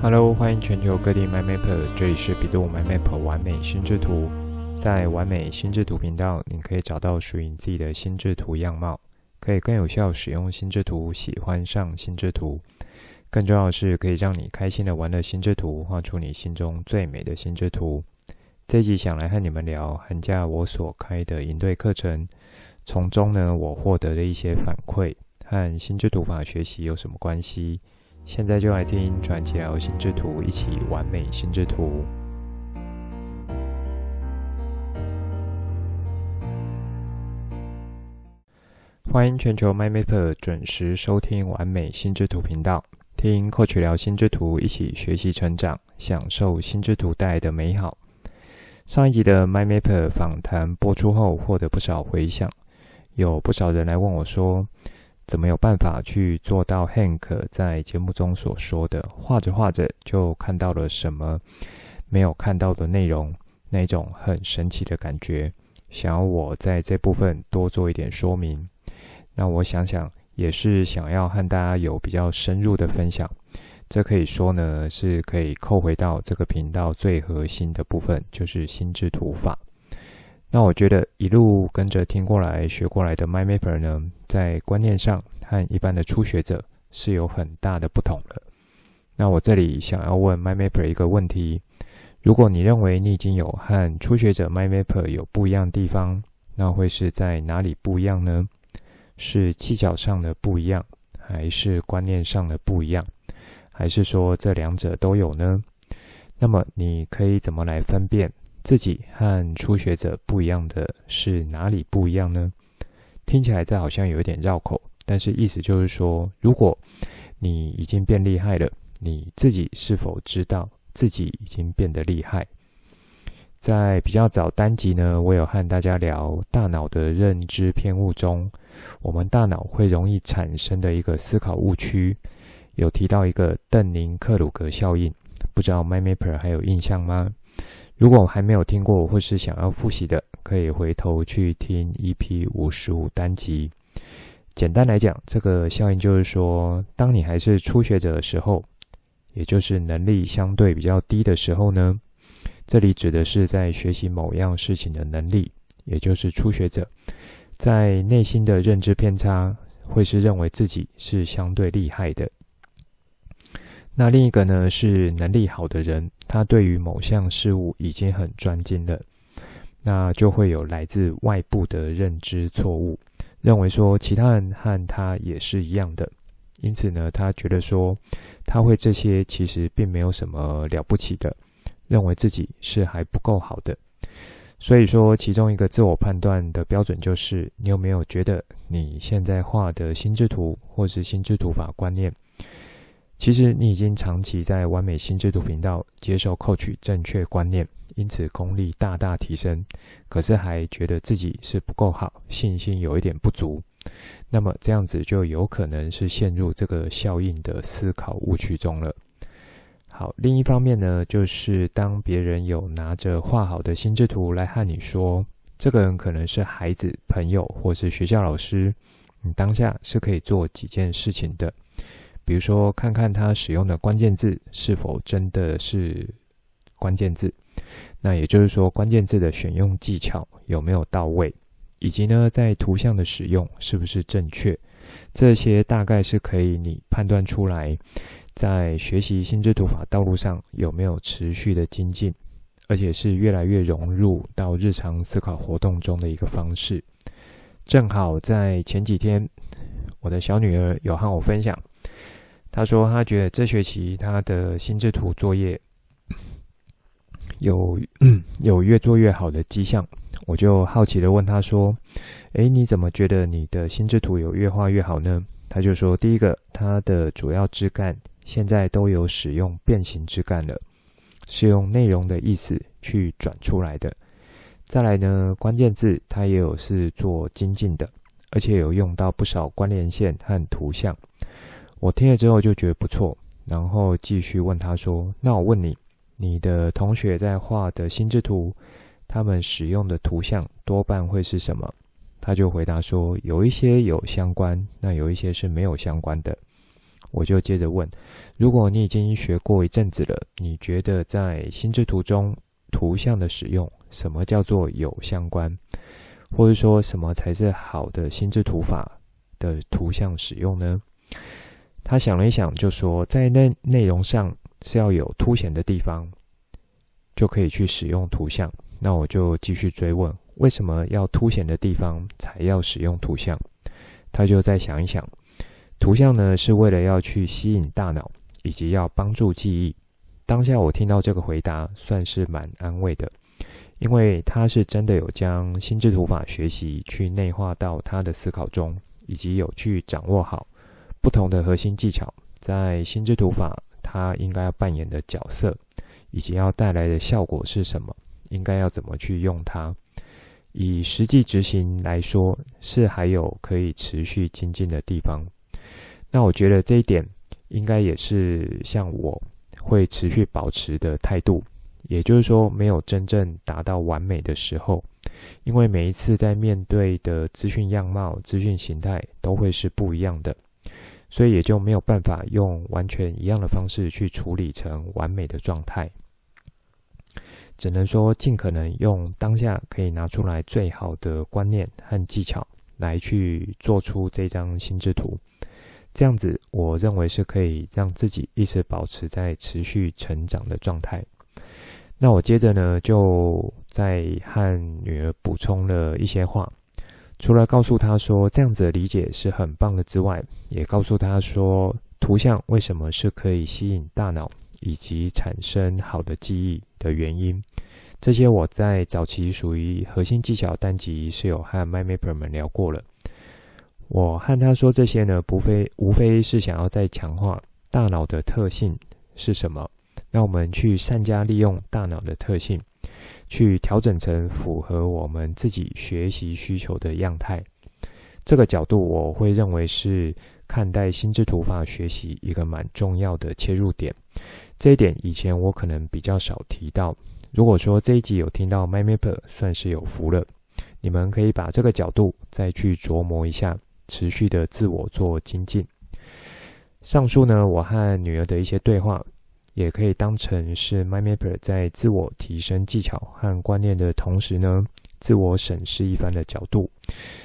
Hello，歡迎全球各地 MyMapper，這裡是 bEDU MyMap 完美心智圖。在完美心智圖頻道，你可以找到屬於你自己的心智圖樣貌，可以更有效使用心智圖，喜歡上心智圖，更重要的是可以讓你開心的玩樂心智圖，畫出你心中最美的心智圖。這一集想來和你們聊寒假我所開的營隊課程，從中呢，我獲得了的一些反饋和心智圖法學習有什麼關係？現在就來聽《Coach 聊心智圖》，一起玩美心智圖。歡迎全球 MyMapper 準時收聽《玩美心智圖》頻道，聽 Coach 聊心智圖，一起學習成長，享受心智圖帶來的美好。上一集的 MyMapper 訪談播出後，獲得不少回響，有不少人來問我說，怎麼有辦法去做到 Hank 在節目中所說的畫着畫着就看到了什麼沒有看到的內容，那種很神奇的感覺？想要我在這部分多做一點說明，那我想想也是想要和大家有比較深入的分享。這可以說呢，是可以扣回到這個頻道最核心的部分，就是心智圖法。那我覺得一路跟着聽過來、學過來的 My Mapper 呢，在觀念上和一般的初學者是有很大的不同的。那我這裡想要問 My Mapper 一個問題：如果你認為你已經有和初學者 My Mapper 有不一樣的地方，那會是在哪裡不一樣呢？是技巧上的不一樣，還是觀念上的不一樣，還是說這兩者都有呢？那麼你可以怎麼來分辨？自己和初學者不一樣的是哪裡不一樣呢？聽起來這好像有一點繞口，但是意思就是說，如果你已經變厲害了，你自己是否知道自己已經變得厲害？在比較早單集呢，我有和大家聊大腦的認知偏誤中，我們大腦會容易產生的一個思考誤區，有提到一個鄧寧克魯格效應，不知道 My Mapper 還有印象嗎？如果還沒有聽過或是想要復習的，可以回頭去聽 EP55 單集。簡單來講，這個效應就是說，當你還是初學者的時候，也就是能力相對比較低的時候呢，這裡指的是在學習某樣事情的能力，也就是初學者，在內心的認知偏差，會是認為自己是相對厲害的。那另一個呢是能力好的人，他對於某項事物已經很專精了，那就會有來自外部的認知錯誤，認為說其他人和他也是一樣的，因此呢，他覺得說他會這些其實並沒有什麼了不起的，認為自己是還不夠好的，所以說其中一個自我判斷的標準就是你有沒有覺得你現在畫的心智圖或是心智圖法觀念。其實你已經長期在玩美心智圖頻道接受 Coach 正確觀念，因此功力大大提升。可是還覺得自己是不夠好，信心有一點不足，那麼這樣子就有可能是陷入這個效應的思考誤區中了。好，另一方面呢，就是當別人有拿着畫好的心智圖來和你說，這個人可能是孩子、朋友或是學校老師，你當下是可以做幾件事情的。比如說，看看他使用的關鍵字是否真的是關鍵字，那也就是說，關鍵字的選用技巧有沒有到位，以及呢，在圖像的使用是不是正確，這些大概是可以你判斷出來，在學習心智圖法道路上有沒有持續的精進，而且是越來越融入到日常思考活動中的一個方式。正好在前幾天，我的小女兒有和我分享。他說：“他覺得這學期他的心智圖作業有有越做越好的跡象。”我就好奇的問他說：“誒，你怎麼覺得你的心智圖有越畫越好呢？”他就說：“第一個，它的主要枝幹現在都有使用變形枝幹了，是用內容的意思去轉出來的。再來呢，關鍵字它也有是做精進的，而且有用到不少關聯線和圖像。”我聽了之後就覺得不錯，然後繼續問他說：“那我問你，你的同學在畫的心智圖，他們使用的圖像多半會是什麼？”他就回答說：“有一些有相關，那有一些是沒有相關的。”我就接着問：“如果你已經學過一陣子了，你覺得在心智圖中圖像的使用，什麼叫做有相關，或者說什麼才是好的心智圖法的圖像使用呢？”他想了一想，就說：“在內內容上是要有凸顯的地方，就可以去使用圖像。”那我就繼續追問：“為什麼要凸顯的地方才要使用圖像？”他就再想一想，圖像呢是為了要去吸引大腦，以及要幫助記憶。當下我聽到這個回答，算是蠻安慰的，因為他是真的有將心智圖法學習去內化到他的思考中，以及有去掌握好。不同的核心技巧，在心智圖法它應該要扮演的角色，以及要帶來的效果是什麼？應該要怎麼去用它？以實際執行來說，是還有可以持續精進的地方。那我覺得這一點應該也是像我會持續保持的態度，也就是說，沒有真正達到完美的時候，因為每一次在面對的資訊樣貌、資訊形態都會是不一樣的。所以也就沒有辦法用完全一樣的方式去處理成完美的狀態，只能說盡可能用當下可以拿出來最好的觀念和技巧來去做出這張心智圖，這樣子我認為是可以讓自己一直保持在持續成長的狀態。那我接着呢，就再和女兒補充了一些話。除了告訴他說這樣子的理解是很棒的之外，也告訴他說圖像為什麼是可以吸引大腦以及產生好的記憶的原因。這些我在早期屬於核心技巧單集是有和 MyMapper 們聊過了。我和他說這些呢，不非無非是想要再強化大腦的特性是什麼，讓我們去善加利用大腦的特性。去調整成符合我們自己學習需求的樣態，這個角度我會認為是看待心智圖法學習一個蠻重要的切入點。這一點以前我可能比較少提到。如果說這一集有聽到 MyMapper，算是有福了。你們可以把這個角度再去琢磨一下，持續的自我做精進。上述呢，我和女兒的一些對話。也可以當成是 MyMapper 在自我提升技巧和觀念的同時呢，自我審視一番的角度，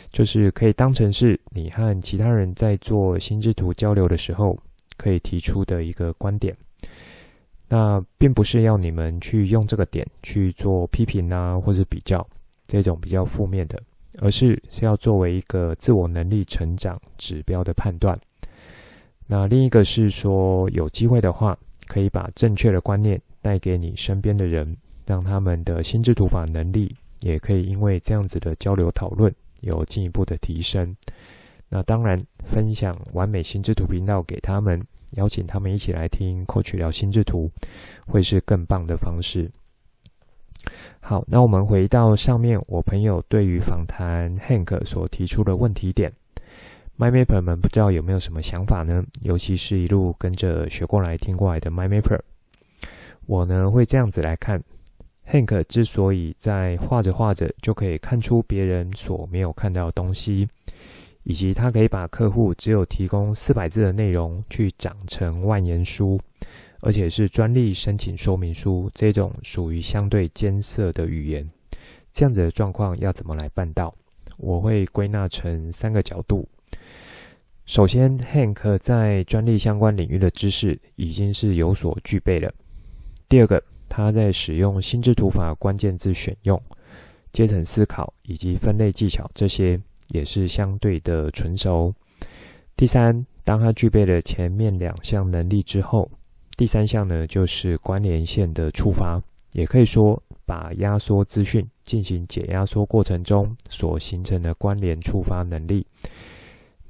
就是可以當成是你和其他人在做心智圖交流的時候可以提出的一個觀點。那並不是要你們去用這個點去做批評啊，或者比較，這種比較負面的，而是是要作為一個自我能力成長指標的判斷。那另一個是說，有機會的話。可以把正確的觀念帶給你身邊的人，讓他們的心智圖法能力也可以因為這樣子的交流討論有進一步的提升。那當然，分享玩美心智圖頻道給他們，邀請他們一起來聽 Coach 聊心智圖，會是更棒的方式。好，那我們回到上面我朋友對於訪談 Hank 所提出的問題點。MyMapper 們不知道有沒有什麼想法呢？尤其是一路跟着學過來、聽過來的 MyMapper，我呢，會這樣子來看：Hank 之所以在畫着畫着就可以看出別人所沒有看到的東西，以及他可以把客戶只有提供四百字的內容去長成萬言書，而且是專利申請說明書這種屬於相對艱澀的語言，這樣子的狀況要怎麼來辦到？我會歸納成三個角度。首先，Hank 在專利相關領域的知識已經是有所具備了。第二個，他在使用心智圖法、關鍵字選用、階層思考以及分類技巧這些也是相對的純熟。第三，當他具備了前面兩項能力之後，第三項呢，就是關聯線的觸發，也可以說把壓縮資訊進行解壓縮過程中所形成的關聯觸發能力。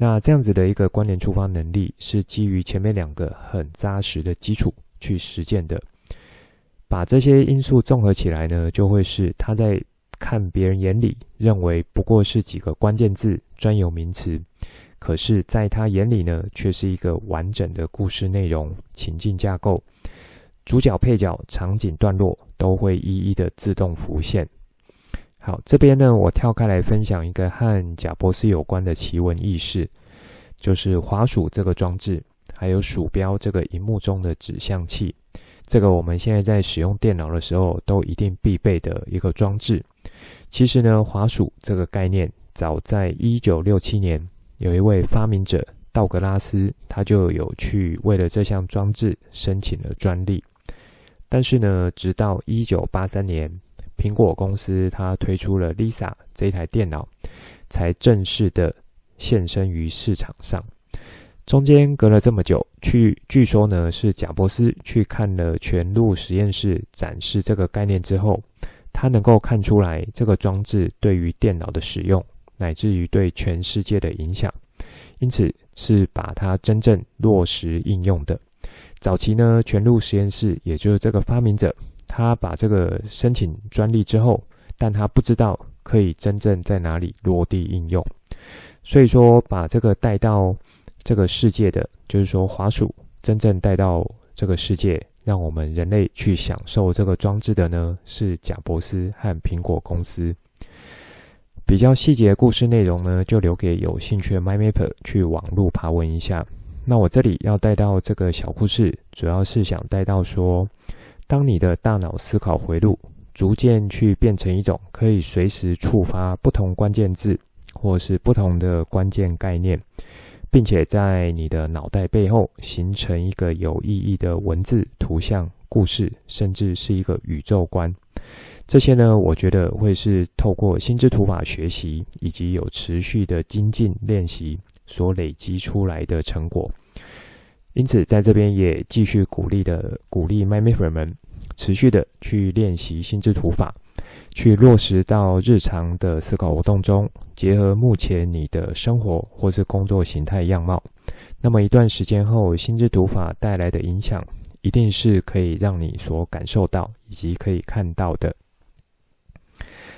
那這樣子的一個關聯觸發能力，是基於前面兩個很扎實的基礎去實踐的。把這些因素綜合起來呢，就會是他在看別人眼裡認為不過是幾個關鍵字、專有名詞，可是在他眼裡呢，卻是一個完整的故事內容、情境架構、主角、配角、場景、段落都會一一的自動浮現。好，這邊呢，我跳開來分享一個和賈伯斯有關的奇聞異事，就是滑鼠這個裝置，還有鼠標這個熒幕中的指向器，這個我們現在在使用電腦的時候都一定必備的一個裝置。其實呢，滑鼠這個概念早在一九六七年，有一位發明者道格拉斯，他就有去為了這項裝置申請了專利。但是呢，直到一九八三年。蘋果公司它推出了 Lisa 這一台電腦，才正式的現身於市場上。中間隔了這麼久，去，據說呢是賈伯斯去看了全錄實驗室展示這個概念之後，他能夠看出來這個裝置對於電腦的使用，乃至於對全世界的影響，因此是把它真正落實應用的。早期呢，全錄實驗室也就是這個發明者。他把這個申請專利之後，但他不知道可以真正在哪裡落地應用。所以說，把這個帶到這個世界的，就是說，滑鼠真正帶到這個世界，讓我們人類去享受這個裝置的呢，是賈伯斯和蘋果公司。比較細節的故事內容呢，就留給有興趣的 MyMapper 去網絡爬文一下。那我這裡要帶到這個小故事，主要是想帶到說，當你的大腦思考回路逐漸去變成一種可以隨時觸發不同關鍵字，或是不同的關鍵概念，並且在你的腦袋背後形成一個有意義的文字、圖像、故事，甚至是一個宇宙觀。這些呢，我覺得會是透過心智圖法學習以及有持續的精進練習所累積出來的成果。因此，在這邊也繼續鼓勵的鼓勵 My Members 們持續的去練習心智圖法，去落實到日常的思考活動中，結合目前你的生活或是工作形態樣貌，那麼一段時間後，心智圖法帶來的影響，一定是可以讓你所感受到以及可以看到的。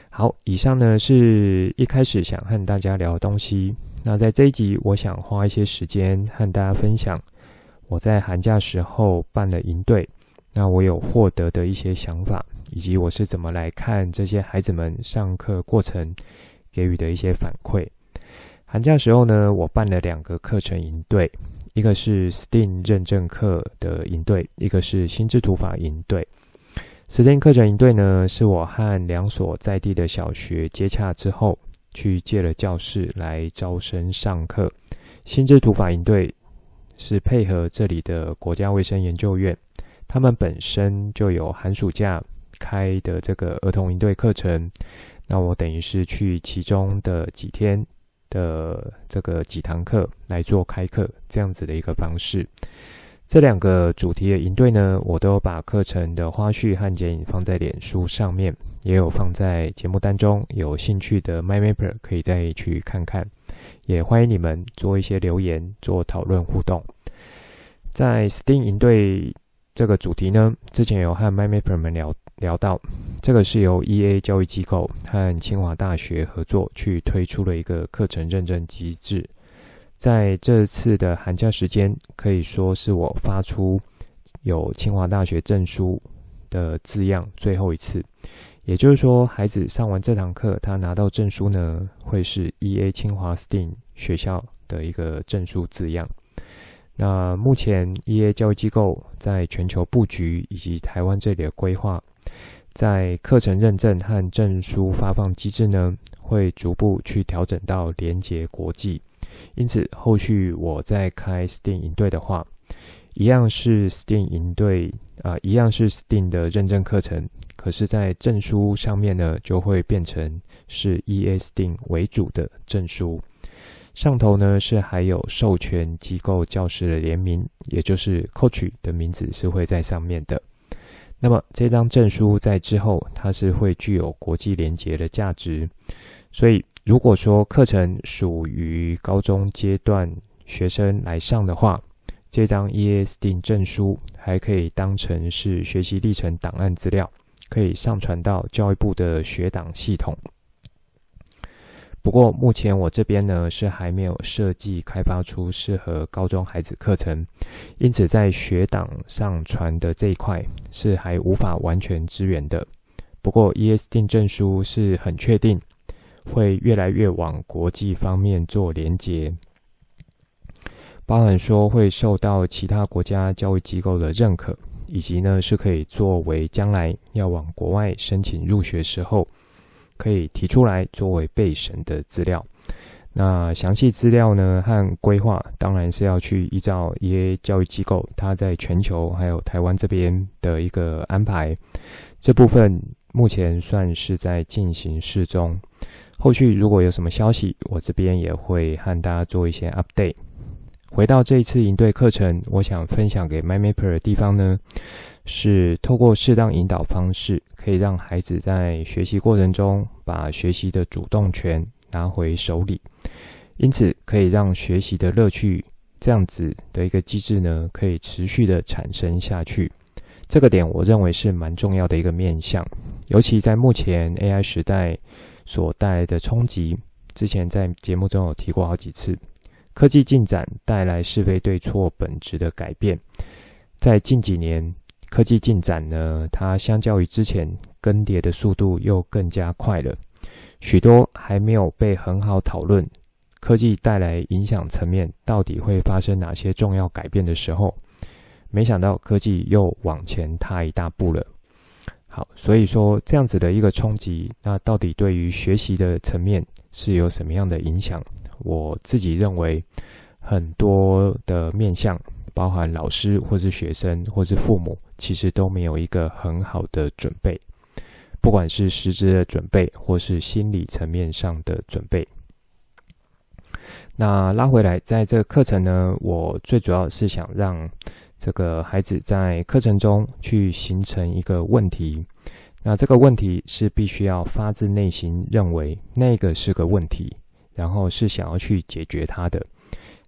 好，以上呢是一開始想和大家聊的東西。那在這一集，我想花一些時間和大家分享。我在寒假時候辦了營隊，那我有獲得的一些想法，以及我是怎麼來看這些孩子們上課過程給予的一些反饋。寒假時候呢，我辦了兩個課程營隊，一個是 STEAM 認證課的營隊，一個是心智圖法營隊。STEAM 課程營隊呢，是我和兩所在地的小學接洽之後，去借了教室來招生上課。心智圖法營隊。是配合這裡的國家衛生研究院，他們本身就有寒暑假開的這個兒童營隊課程，那我等於是去其中的幾天的這個幾堂課來做開課這樣子的一個方式。這兩個主題的營隊呢，我都有把課程的花絮和剪影放在臉書上面，也有放在節目單中，有興趣的 MyMapper 可以再去看看。也歡迎你們做一些留言、做討論互動。在 STEAM 應對這個主題呢，之前有和 MindMaper 們聊聊到，這個是由 EA 教育機構和清華大學合作去推出的一個課程認證機制。在這次的寒假時間，可以說是我發出有清華大學證書的字樣最後一次。也就是說，孩子上完這堂課，他拿到證書呢，會是 EA 清華 STEAM 學校的一個證書字樣。那目前 EA 教育機構在全球布局以及台灣這裡的規劃，在課程認證和證書發放機制呢，會逐步去調整到連結國際。因此，後續我再開 STEAM 營隊的話，一樣是 STEAM 營隊啊、呃，一樣是 STEAM 的認證課程。可是，在證書上面呢，就會變成是 ESD 為主的證書。上頭呢是還有授權機構教師的聯名，也就是 Coach 的名字是會在上面的。那麼這張證書在之後它是會具有國際聯結的價值。所以，如果說課程屬於高中階段學生來上的話，這張 ESD 證書還可以當成是學習歷程檔案資料。可以上傳到教育部的學檔系統。不過目前我這邊呢是還沒有設計開發出適合高中孩子課程，因此在學檔上傳的這一塊是還無法完全支援的。不過 ESD 證書是很確定會越來越往國際方面做連結，包含說會受到其他國家教育機構的認可。以及呢，是可以作為將來要往國外申請入學時候，可以提出來作為備審的資料。那詳細資料呢和規劃，當然是要去依照 EA 教育機構它在全球還有台灣這邊的一個安排。這部分目前算是在進行之中。後續如果有什麼消息，我這邊也會和大家做一些 update。回到這一次營隊課程，我想分享給 MindMapper 的地方呢，是透過適當引導方式，可以讓孩子在學習過程中把學習的主動權拿回手裡，因此可以讓學習的樂趣這樣子的一個機制呢，可以持續的產生下去。這個點我認為是蠻重要的一個面向，尤其在目前 AI 時代所帶來的衝擊，之前在節目中有提過好幾次。科技進展帶來是非對錯本質的改變，在近幾年科技進展呢，它相較於之前更迭的速度又更加快了許多，還沒有被很好討論科技帶來影響層面到底會發生哪些重要改變的時候，沒想到科技又往前踏一大步了。好，所以說這樣子的一個衝擊，那到底對於學習的層面是有什麼樣的影響？我自己認為，很多的面向，包含老師或是學生或是父母，其實都沒有一個很好的準備，不管是實質的準備，或是心理層面上的準備。那拉回來，在這個課程呢，我最主要是想讓這個孩子在課程中去形成一個問題。那這個問題是必須要發自內心認為那個是個問題。然後是想要去解決它的，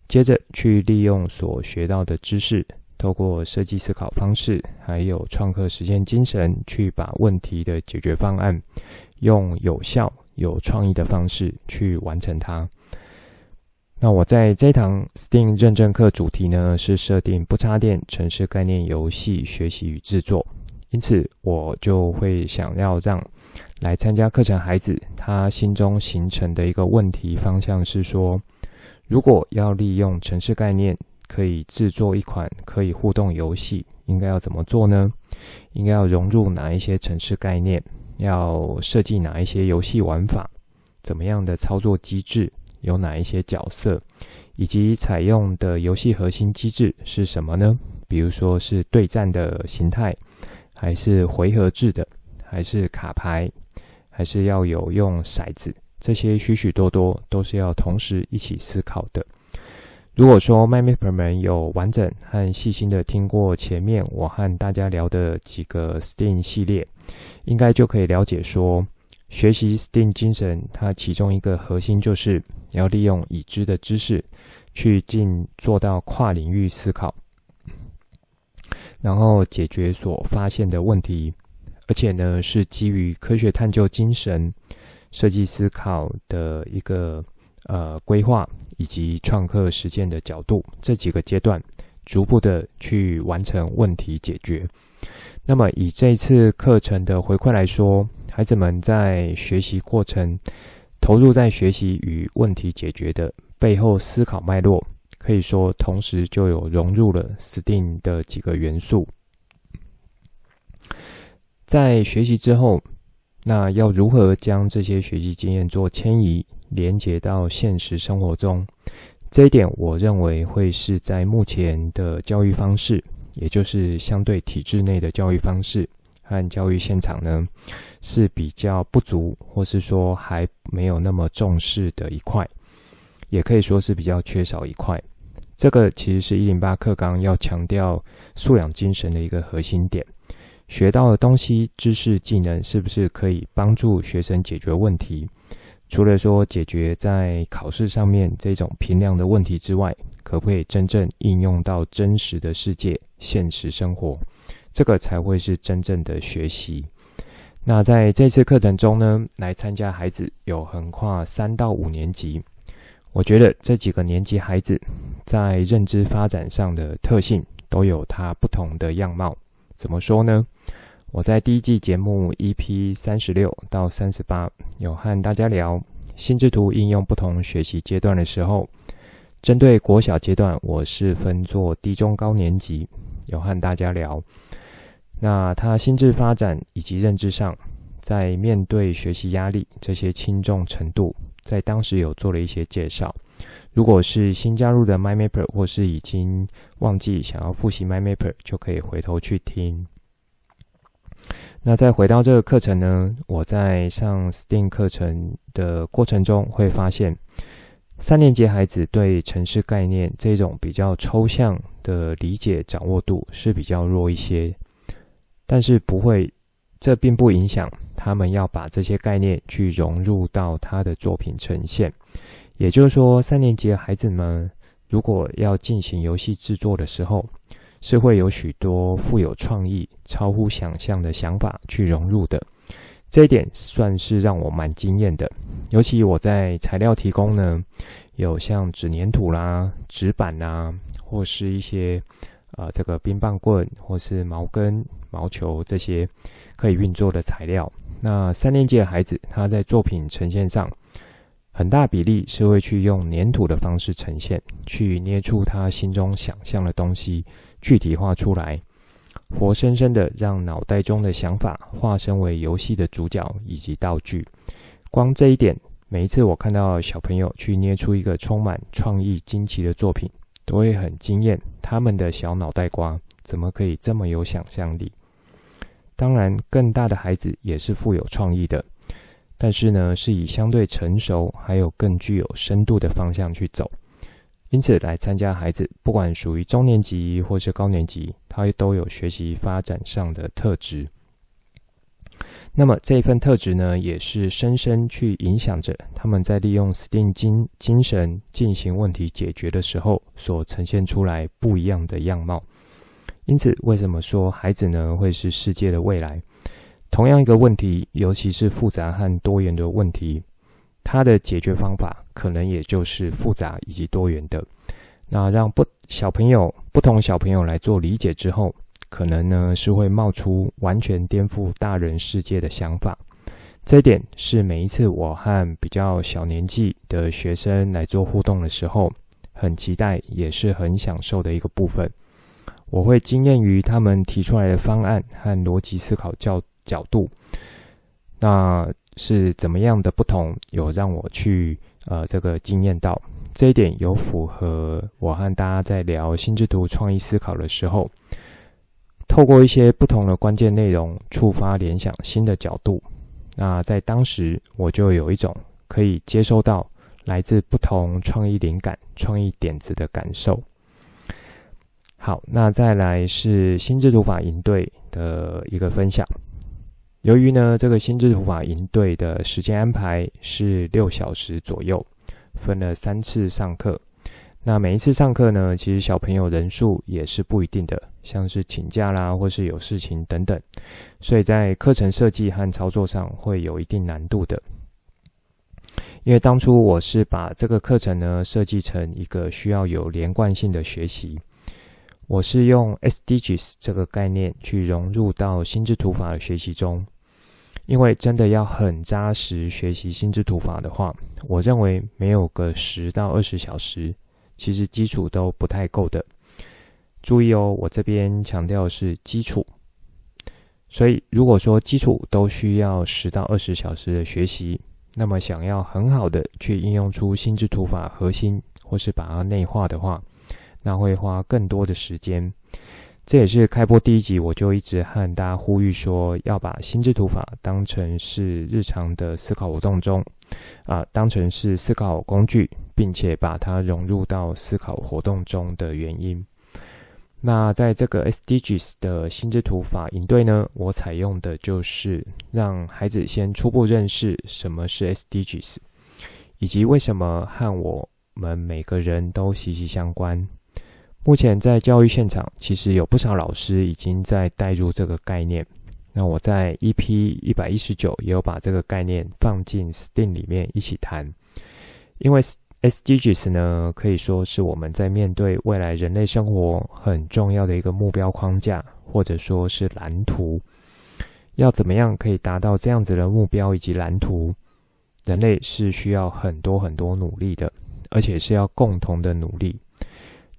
接着去利用所學到的知識，透過設計思考方式，還有創客實踐精神，去把問題的解決方案用有效、有創意的方式去完成它。那我在這一堂 STEAM 認證課主題呢，是設定“不插電程式概念遊戲學習與制作”。因此，我就會想要讓來參加課程孩子他心中形成的一個問題方向是說：如果要利用程式概念，可以制作一款可以互動遊戲，應該要怎麼做呢？應該要融入哪一些程式概念？要設計哪一些遊戲玩法？怎麼樣的操作機制？有哪一些角色？以及採用的遊戲核心機制是什麼呢？比如說是對戰的形態。還是回合制的，還是卡牌，還是要有用骰子，這些許許多多都是要同時一起思考的。如果說麥麥朋友們有完整和細心的聽過前面我和大家聊的幾個 STEAM 系列，應該就可以了解說，學習 STEAM 精神，它其中一個核心就是要利用已知的知識去進做到跨領域思考，然後解決所發現的問題，而且呢是基於科學探究精神、設計思考的一個呃規劃以及創客實踐的角度，這幾個階段，逐步的去完成問題解決。那麼以這次課程的回饋來說，孩子們在學習過程投入在學習與問題解決的背後思考脈絡。可以說，同時就有融入了 STEAM 的幾個元素。在學習之後，那要如何將這些學習經驗做遷移，連接到現實生活中？這一點，我認為會是在目前的教育方式，也就是相對體制內的教育方式和教育現場呢，是比較不足，或是說還沒有那麼重視的一塊。也可以說是比較缺少一塊。這個其實是一零八課綱要強調素養精神的一個核心點：學到的東西、知識、技能是不是可以幫助學生解決問題？除了說解決在考試上面這種評量的問題之外，可不可以真正應用到真實的世界、現實生活？這個才會是真正的學習。那在這次課程中呢，來參加孩子有橫跨三到五年級。我覺得這幾個年級孩子在認知發展上的特性都有他不同的樣貌。怎麼說呢？我在第一季節目 EP 三十六到三十八有和大家聊心智圖應用不同學習階段的時候，針對國小階段，我是分做低中高年級有和大家聊。那他心智發展以及認知上，在面對學習壓力這些輕重程度。在當時有做了一些介紹。如果是新加入的 MyMapper，或是已經忘記想要複習 MyMapper，就可以回頭去聽。那再回到這個課程呢，我在上 STEAM 課程的過程中，會發現三年級孩子對城市概念這種比較抽象的理解掌握度是比較弱一些，但是不會。這並不影響他們要把這些概念去融入到他的作品呈現，也就是說，三年級的孩子們如果要進行遊戲製作的時候，是會有許多富有創意、超乎想象的想法去融入的。這一點算是讓我蠻驚艷的，尤其我在材料提供呢，有像紙黏土啦、紙板啦，或是一些。啊、呃，這個冰棒棍或是毛根、毛球這些可以運作的材料。那三年級的孩子，他在作品呈現上很大比例是會去用粘土的方式呈現，去捏出他心中想象的東西，具體化出來，活生生的讓腦袋中的想法化身為遊戲的主角以及道具。光這一點，每一次我看到小朋友去捏出一個充滿創意、驚奇的作品。都會很驚艷，他們的小腦袋瓜怎麼可以這麼有想象力？當然，更大的孩子也是富有創意的，但是呢，是以相對成熟還有更具有深度的方向去走。因此，來參加孩子，不管屬於中年級或是高年級，他都有學習發展上的特質。那麼這一份特質呢，也是深深去影響着他們在利用 STEAM 精精神進行問題解決的時候，所呈現出來不一樣的樣貌。因此，為什麼說孩子呢，會是世界的未來？同樣一個問題，尤其是複雜和多元的問題，它的解決方法可能也就是複雜以及多元的。那讓不小朋友，不同小朋友來做理解之後。可能呢，是會冒出完全顛覆大人世界的想法，這一點是每一次我和比較小年紀的學生來做互動的時候，很期待也是很享受的一個部分。我會驚艷於他們提出來的方案和邏輯思考角角度，那是怎麼樣的不同，有讓我去呃這個驚艷到這一點，有符合我和大家在聊心智圖創意思考的時候。透過一些不同的關鍵內容觸發聯想新的角度，那在當時我就有一種可以接收到來自不同創意靈感、創意點子的感受。好，那再來是心智圖法營隊的一個分享。由於呢，這個心智圖法營隊的時間安排是六小時左右，分了三次上課。那每一次上課呢，其實小朋友人數也是不一定的，像是請假啦，或是有事情等等，所以在課程設計和操作上會有一定難度的。因為當初我是把這個課程呢設計成一個需要有連貫性的學習，我是用 SDGs 這個概念去融入到心智圖法的學習中，因為真的要很扎實學習心智圖法的話，我認為沒有個十到二十小時。其實基礎都不太夠的，注意哦，我這邊強調的是基礎。所以如果說基礎都需要十到二十小時的學習，那麼想要很好的去應用出心智圖法核心，或是把它內化的話，那會花更多的時間。這也是開播第一集我就一直和大家呼籲說，要把心智圖法當成是日常的思考活動中，啊，當成是思考工具，並且把它融入到思考活動中的原因。那在這個 SDGs 的心智圖法應對呢，我採用的就是讓孩子先初步認識什麼是 SDGs，以及為什麼和我們每個人都息息相關。目前在教育現場，其實有不少老師已經在帶入這個概念。那我在 EP 一百一十九也有把這個概念放進 Steam 裡面一起談，因為，SDGs 呢，可以說是我們在面對未來人類生活很重要的一個目標框架，或者說是藍圖。要怎麼樣可以達到這樣子的目標以及藍圖？人類是需要很多很多努力的，而且是要共同的努力。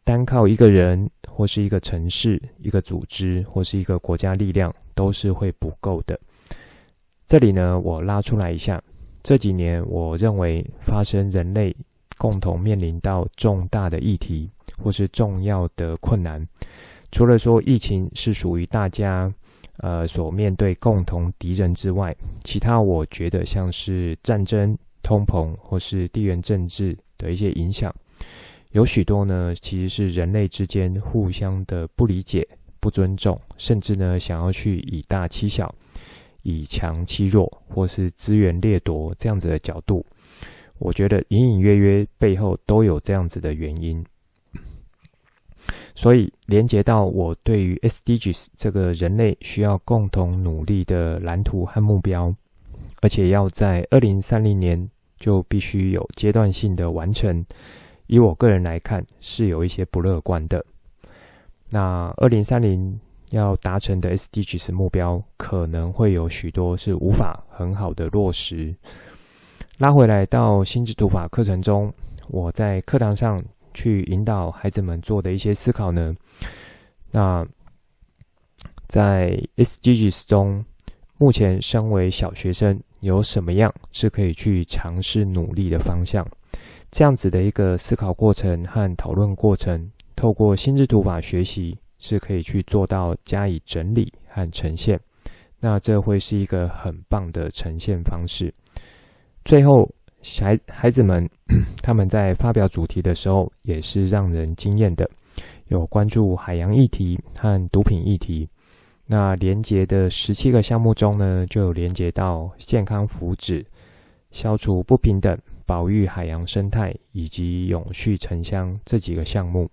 單靠一個人或是一個城市、一個組織或是一個國家力量都是會不夠的。這裡呢，我拉出來一下，這幾年我認為發生人類。共同面臨到重大的議題或是重要的困難，除了說疫情是屬於大家呃所面對共同敵人之外，其他我覺得像是戰爭、通膨或是地緣政治的一些影響，有許多呢其實是人類之間互相的不理解、不尊重，甚至呢想要去以大欺小、以強欺弱或是資源掠奪這樣子的角度。我覺得隱隱約約背後都有這樣子的原因，所以連接到我對於 SDGs 這個人類需要共同努力的藍圖和目標，而且要在二零三零年就必須有階段性的完成，以我個人來看是有一些不樂觀的。那二零三零要達成的 SDGs 目標，可能會有許多是無法很好的落實。拉回來到心智圖法課程中，我在課堂上去引導孩子們做的一些思考呢？那在 SDGs 中，目前身為小學生有什麼樣是可以去嘗試努力的方向？這樣子的一個思考過程和討論過程，透過心智圖法學習是可以去做到加以整理和呈現。那這會是一個很棒的呈現方式。最後，孩孩子們他們在發表主題的時候也是讓人驚豔的，有關注海洋議題、和毒品議題。那連接的十七個項目中呢，就有連接到健康福祉、消除不平等、保育海洋生態以及永續城鄉這幾個項目。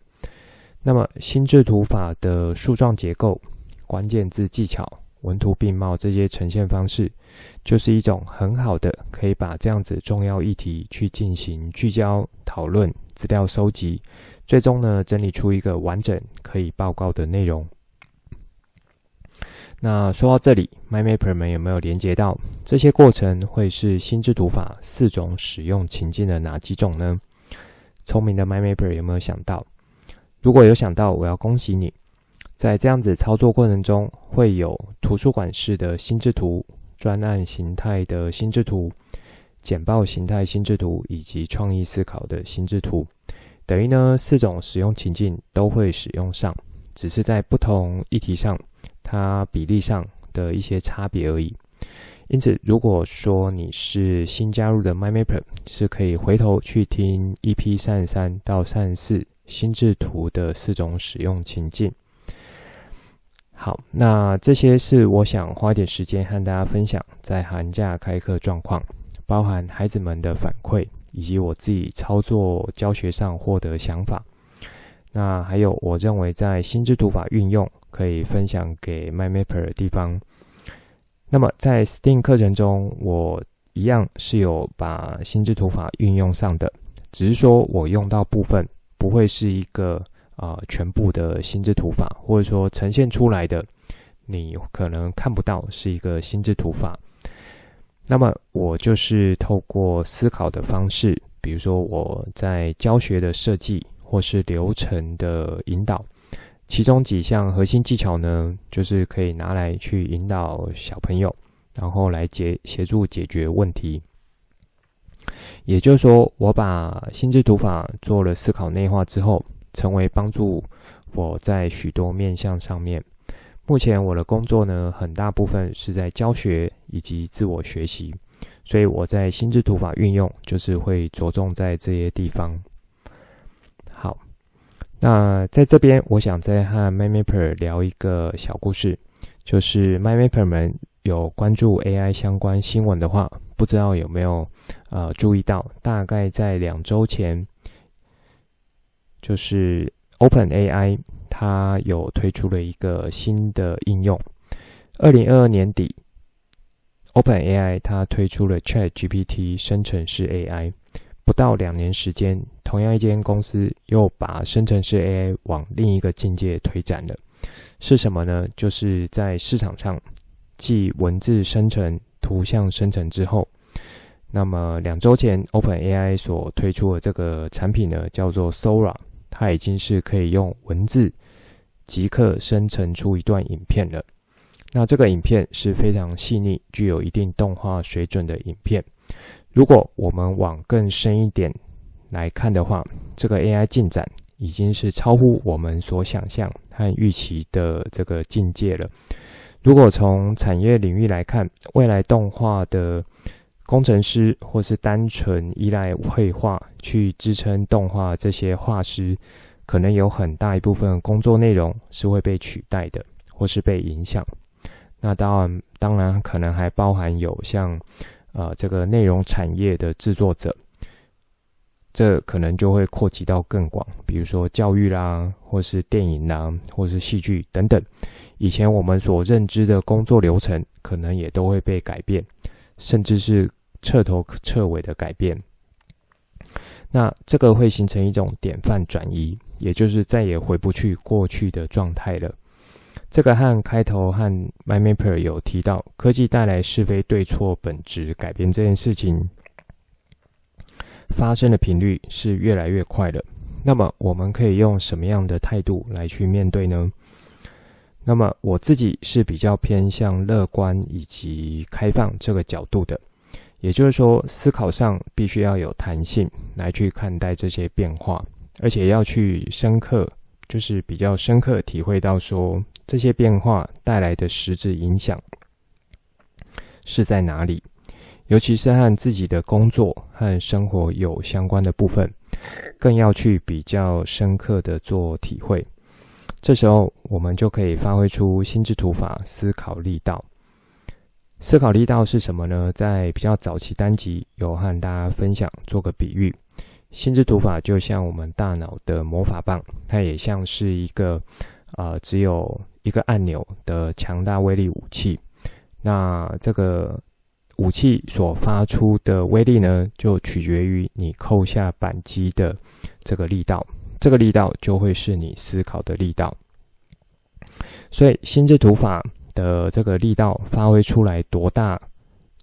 那麼，心智圖法的樹狀結構、關鍵字技巧。文圖並茂這些呈現方式，就是一種很好的可以把這樣子重要議題去進行聚焦討論、資料收集，最終呢，整理出一個完整可以報告的內容。那說到這裡，My Mapper 們有沒有連接到這些過程會是心智圖法四種使用情境的哪幾種呢？聰明的 My Mapper 有沒有想到？如果有想到，我要恭喜你。在這樣子操作過程中，會有圖書館式的心智圖、專案形態的心智圖、簡報形態心智圖，以及創意思考的心智圖。等於呢，四種使用情境都會使用上，只是在不同議題上，它比例上的一些差別而已。因此，如果說你是新加入的 My Mapper 是可以回頭去聽 EP 三十三到三十四心智圖的四種使用情境。好，那這些是我想花一點時間和大家分享在寒假開課狀況，包含孩子們的反饋，以及我自己操作教學上獲得想法。那還有我認為在心智圖法運用可以分享給 MyMapper 的地方。那麼在 STEAM 課程中，我一樣是有把心智圖法運用上的，只是說我用到部分不會是一個。啊、呃，全部的心智圖法，或者說呈現出來的，你可能看不到是一個心智圖法。那麼我就是透過思考的方式，比如說我在教學的設計或是流程的引導，其中幾項核心技巧呢，就是可以拿來去引導小朋友，然後來解，協助解決問題。也就是說，我把心智圖法做了思考內化之後。成為幫助我在許多面向上面。目前我的工作呢，很大部分是在教學以及自我學習，所以我在心智圖法運用就是會着重在這些地方。好，那在這邊，我想再和 My Mapper 聊一個小故事，就是 My Mapper 們有關注 AI 相關新聞的話，不知道有沒有，呃，注意到，大概在兩周前。就是 OpenAI 它有推出了一個新的應用。二零二二年底，OpenAI 它推出了 ChatGPT 生成式 AI。不到兩年時間，同樣一間公司又把生成式 AI 往另一個境界推展了。是什麼呢？就是在市場上繼文字生成、圖像生成之後，那麼兩週前 OpenAI 所推出的這個產品呢，叫做 Sora。它已經是可以用文字即刻生成出一段影片了。那這個影片是非常細膩，具有一定動畫水準的影片。如果我們往更深一點來看的話，這個 AI 進展已經是超乎我們所想象和預期的這個境界了。如果從產業領域來看，未來動畫的工程師或是單純依賴繪畫去支撐動畫，這些畫師可能有很大一部分工作內容是會被取代的，或是被影響。那當然，當然可能還包含有像呃這個內容產業的制作者，這可能就會擴及到更廣，比如說教育啦，或是電影啦，或是戲劇等等。以前我們所認知的工作流程，可能也都會被改變。甚至是徹頭徹尾的改變，那這個會形成一種典範轉移，也就是再也回不去過去的狀態了。這個和開頭和 MyMapper 有提到，科技帶來是非對錯本質改變這件事情發生的頻率是越來越快的，那麼，我們可以用什麼樣的態度來去面對呢？那麼我自己是比較偏向樂觀以及開放這個角度的，也就是說，思考上必須要有彈性來去看待這些變化，而且要去深刻，就是比較深刻體會到說這些變化帶來的實質影響是在哪裡，尤其是和自己的工作和生活有相關的部分，更要去比較深刻的做體會。這時候，我們就可以發揮出心智圖法思考力道。思考力道是什麼呢？在比較早期單集有和大家分享，做個比喻，心智圖法就像我們大腦的魔法棒，它也像是一個，呃，只有一個按鈕的強大威力武器。那這個武器所發出的威力呢，就取決於你扣下扳機的這個力道。這個力道就會是你思考的力道，所以心智圖法的這個力道發揮出來多大？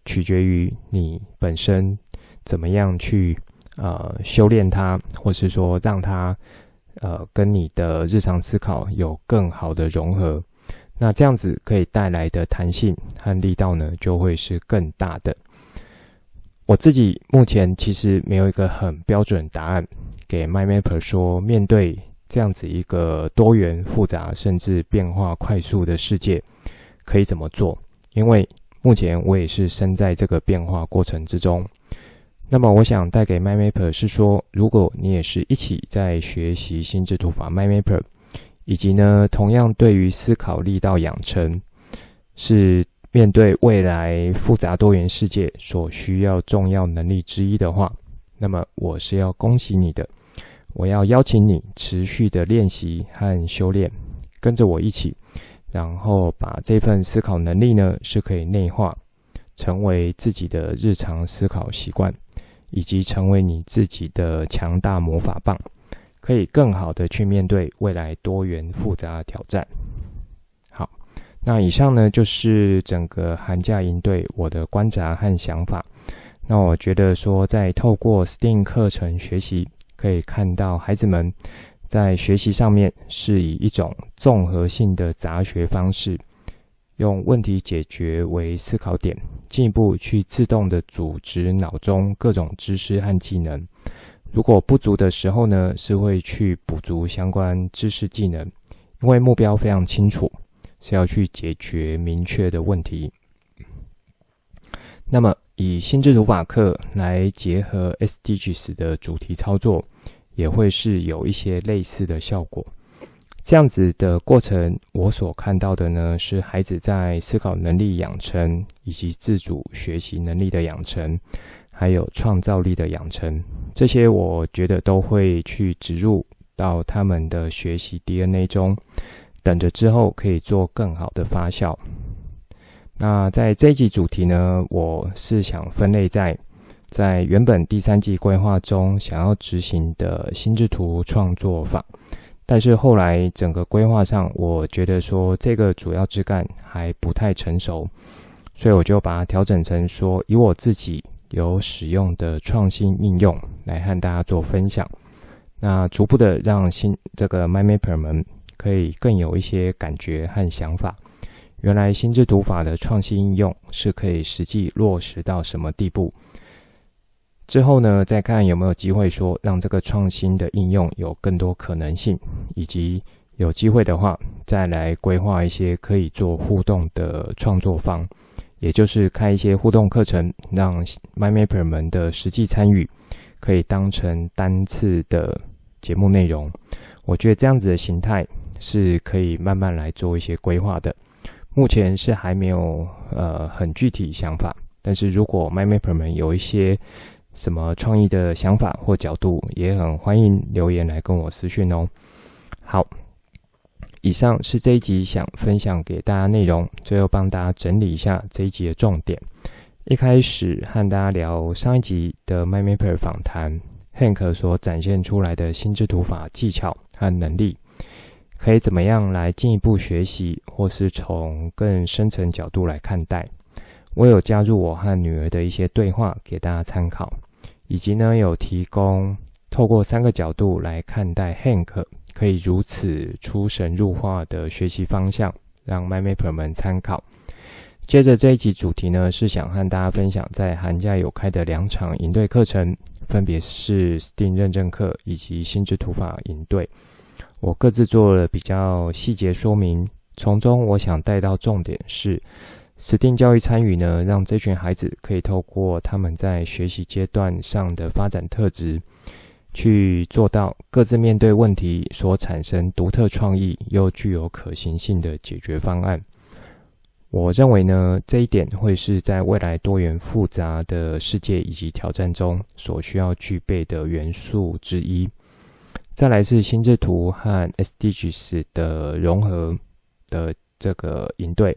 取決於你本身怎麼樣去，呃，修煉它，或是說讓它，呃，跟你的日常思考有更好的融合。那這樣子可以帶來的彈性和力道呢，就會是更大的。我自己目前其實沒有一個很標準答案給 Mind Mapper 說，面對這樣子一個多元、複雜甚至變化快速的世界，可以怎麼做？因為目前我也是身在這個變化過程之中。那麼，我想帶給 Mind Mapper 是說，如果你也是一起在學習心智圖法 Mind Mapper，以及呢，同樣對於思考力道養成是，面對未來複雜多元世界所需要重要能力之一的話，那麼我是要恭喜你的，我要邀請你持續的練習和修煉，跟着我一起，然後把這份思考能力呢是可以內化，成為自己的日常思考習慣，以及成為你自己的強大魔法棒，可以更好的去面對未來多元複雜的挑戰。那以上呢，就是整個寒假營對我的觀察和想法。那我覺得說，在透過 STEAM 課程學習，可以看到孩子們在學習上面是以一種綜合性的雜學方式，用問題解決為思考點，進一步去自動的組織腦中各種知識和技能。如果不足的時候呢，是會去補足相關知識技能，因為目標非常清楚。是要去解決明確的問題。那麼，以心智圖法課來結合 SDGs 的主題操作，也會是有一些類似的效果。這樣子的過程，我所看到的呢，是孩子在思考能力養成，以及自主學習能力的養成，還有創造力的養成。這些我覺得都會去植入到他們的學習 DNA 中。等着之後可以做更好的發酵。那在這一集主題呢，我是想分類在在原本第三季規劃中想要執行的心智圖創作法。但是後來整個規劃上，我覺得說這個主要枝幹還不太成熟，所以我就把它調整成說，以我自己有使用的創新應用來和大家做分享。那逐步的讓新這個 My Mapper 們。可以更有一些感覺和想法。原來心智圖法的創新應用是可以實際落實到什麼地步？之後呢，再看有沒有機會說讓這個創新的應用有更多可能性，以及有機會的話，再來規劃一些可以做互動的創作方，也就是開一些互動課程，讓 My Mapper 們的實際參與可以當成單次的節目內容。我覺得這樣子的形態。是可以慢慢來做一些規劃的。目前是還沒有呃很具體想法，但是如果 MMR 們有一些什麼創意的想法或角度，也很歡迎留言來跟我私訊哦。好，以上是這一集想分享給大家內容。最後幫大家整理一下這一集的重點。一開始和大家聊上一集的 MMR 訪談，漢克所展現出來的心智圖法技巧和能力，可以怎麼樣來進一步學習，或是從更深層角度來看待？我有加入我和女兒的一些對話，給大家參考，以及呢有提供透過三個角度來看待 Hank 可以如此出神入化的學習方向，讓 My Maker 們參考。接着這一集主題呢，是想和大家分享在寒假有開的兩場營隊課程，分別是 STEAM 認證課以及心智圖法營隊。我各自做了比較細節說明，從中我想帶到重點是，STEAM 教育參與呢，讓這群孩子可以透過他們在學習階段上的發展特質，去做到各自面對問題所產生獨特創意又具有可行性的解決方案。我認為呢，這一點會是在未來多元複雜的世界以及挑戰中所需要具備的元素之一。再來是心智圖和 SDGs 的融合的這個應對。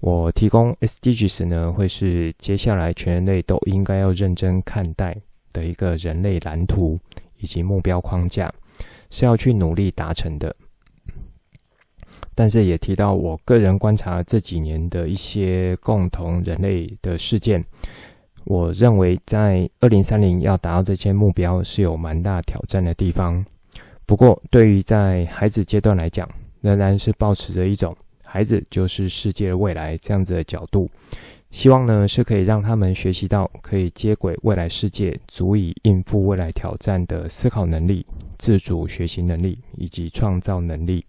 我提供 SDGs 呢，會是接下來全人類都應該要認真看待的一個人類藍圖以及目標框架，是要去努力達成的。但是也提到，我個人觀察這幾年的一些共同人類的事件，我認為在二零三零要達到這些目標是有蠻大挑戰的地方。不過，對於在孩子階段來講，仍然是抱持着一種“孩子就是世界的未來”這樣子的角度。希望呢是可以讓他們學習到可以接軌未來世界、足以應付未來挑戰的思考能力、自主學習能力以及創造能力。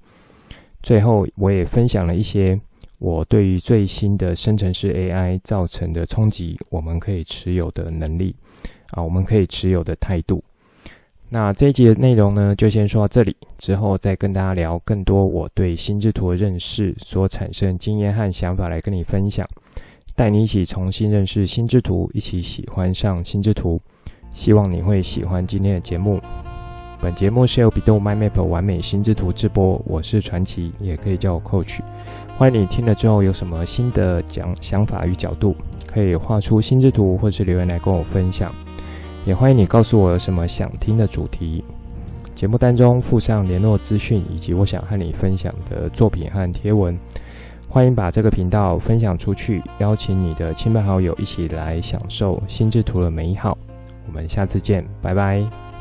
最後，我也分享了一些我對於最新的生成式 AI 造成的衝擊，我們可以持有的能力啊，我們可以持有的態度。那這一集的內容呢，就先說到這裡，之後再跟大家聊更多我對心智圖的認識所產生經驗和想法來跟你分享，帶你一起重新認識心智圖，一起喜歡上心智圖。希望你會喜歡今天的節目。本節目是由 bEDU MindMap 玩美心智圖製播，我是傳奇，也可以叫我 Coach。歡迎你聽了之後有什麼心得講想法與角度，可以畫出心智圖，或是留言來跟我分享。也歡迎你告訴我有什麼想聽的主題，節目單中附上聯絡資訊以及我想和你分享的作品和貼文，歡迎把這個頻道分享出去，邀請你的親朋好友一起來享受心智圖的美好。我們下次見，拜拜。